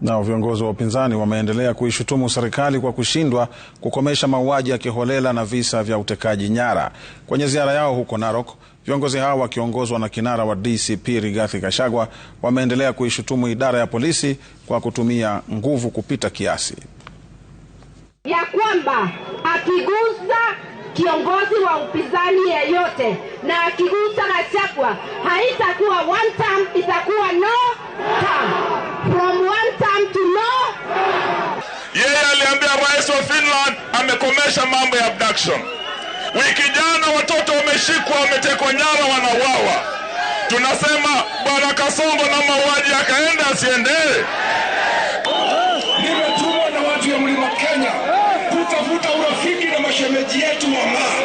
Nao viongozi wa upinzani wameendelea kuishutumu serikali kwa kushindwa kukomesha mauaji ya kiholela na visa vya utekaji nyara. Kwenye ziara yao huko Narok, viongozi hao wakiongozwa na kinara wa DCP Rigathi Gachagua wameendelea kuishutumu idara ya polisi kwa kutumia nguvu kupita kiasi, ya kwamba akigusa kiongozi wa upinzani yeyote na akigusa Gachagua haitakuwa one itakuwa no wa Finland amekomesha mambo ya abduction. Wiki jana watoto wameshikwa, wametekwa nyara, wanauawa. Tunasema bwana Kasongo na mauaji akaenda asiendee. Nimetumwa na watu ya mlima Kenya kutafuta urafiki na mashemeji yetu wa maa